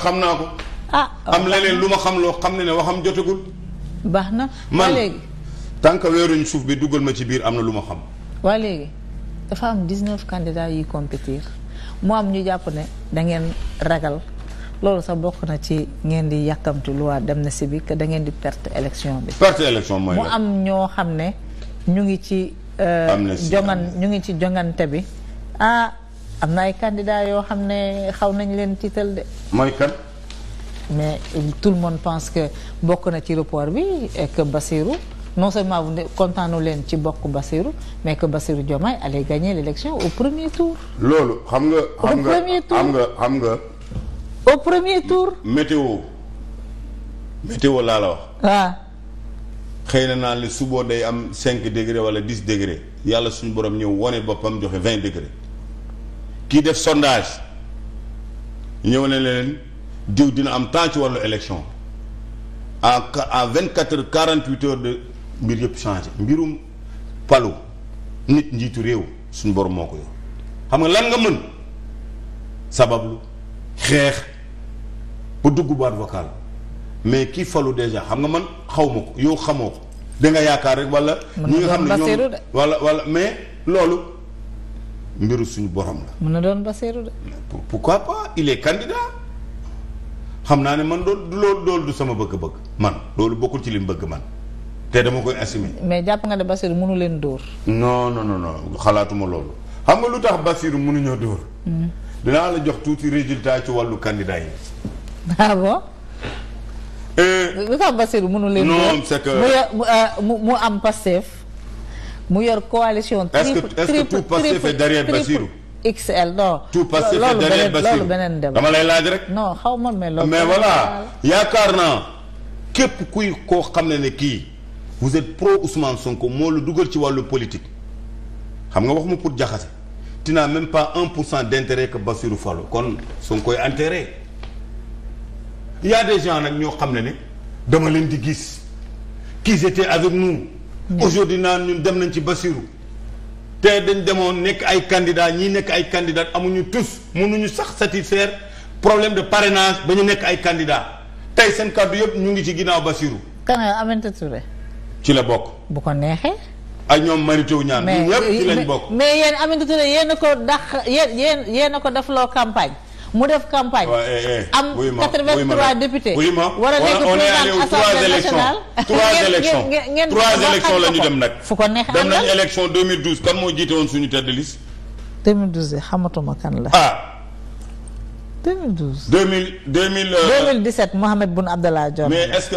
xam naa ko. ah am leneen lu ma xam loo xam ne ne waxam jotagul. baax na man tant que weeruñ suuf bi duggal ma ci biir am na lu ma xam. waa léegi dafa am 19 candidats yuy compétir mu am ñu jàpp ne da ngeen ragal loolu sax bokk na ci ngeen di yàkkamti na si bi que da ngeen di perte élection bi. perte élection mooy mu am ñoo xam ne ñu ngi ci. Euh, am ñu ngi ci joŋante bi ah. am na ay candidats yoo xam ne xaw nañ leen tiital de. mooy kan. mais tout le monde pense que bokk na ci report bi et que Bassirou non seulement vous kontaanu leen ci bokk baseeru mais que Bassirou Diomaye allait gagner l'élection au premier tour. loolu xam nga. xam nga xam nga xam nga. au premier tour. météo météo laa la wax. waaw. Ah. xëy na naa li suboo day am cinq degré wala dix degré yàlla suñu borom ñëw wone boppam joxe vingt degré. kii def sondage ñëw ne leen diw dina am temps ci wàllu élection en en vingt quatre heures quarante huit de mbir yëpp changé mbirum palu nit njiitu réew suñ borom moo ko yor xam nga lan nga mën sabablu xeex ba dugg baat vocal mais kii falu déjà xam nga man xawma ko yow xamoo ko da nga yaakaar rek wala. ñi nga xam ne ñoom wala wala mais loolu. mbiru suñu borom la. mën na doon Bassirou de. pourquoi pas il est xam naa ne man loolu loolu du sama bëgg-bëgg man loolu bokkul ci li mu bëgg man te dama koy assumer. mais jàpp nga ne Bassirou mënu leen dóor. non non non non xalaatuma loolu xam nga lu tax Bassirou mënuñoo dóor. Hmm. dinaa la jox tuuti résultat ci wàllu candidat yi. ah bon. Euh, lu tax Bassirou mënu leen dóor non c'est euh, mu am Pastef mu yor coalition. triple triple est ce que est ce que tout passé fait derrière Bassirou. XL non. tout passé fait derrière Bassirou loolu beneen débat dama lay laaj rek. non xaw ma mais loolu. mais voilà yaakaar naa képp kuy koo xam ne ne kii vous êtes pro Ousmane Sonko dugal ci wàllu politique xam nga wax ma pour jaxase. tu n'as même pas un pour cent d'intérêt que Bassirou Fallou kon Sonko koy intérêt y a des gens nag ñoo xam ne ne dama leen di gis qu'ils étaient avec nous. aujourd'hui naan ñun dem nañ ci Bassirou te dañ demoon nekk ay candidats ñi nekk ay candidats amuñu tous mënuñu sax satisfaire problème de parrainage ba ñu nekk ay candidats tey seen kàddu yëpp ñu ngi ci ginnaaw Bassirou. kan Aminata ci la bokk. bu ko neexee. ay ñoom marito ñaan ñun ñëpp ci lañ bokk. mais yéen Aminata Touré yéen a ko dax yéen yéen yéen a ko defloo campagne. mu def campagne. Eh, eh. am 83 députés. war a nekk président assemblée nationale. trois élections trois élections la ñu dem nag. fu ko neex dem nañ élection 2012 kan moo jiite woon suñu tête de liste. 2012 de xamatuma kan la. ah. 2012. 2000 2000. 2017 Mohamed Boun Abdallah Dionne. mais est-ce que.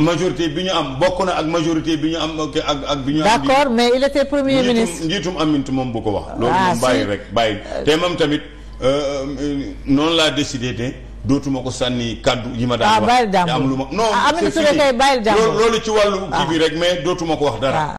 majorité bi ñu am bokk na ak majorité bi ñu am ak ak bi ñu. am d'accord mais il était premier ministre njiitum njiitum Aminata moom bu ko wax. Ah, loolu moom bàyyi rek bàyyi euh, te moom tamit. Euh, euh, noonu laa décidé ne dootuma ko sànni kàddu yi ma daan ah, wax am lu ma non ah, loolu ci wàllu kii bi rek mais dootuma ko wax dara ah.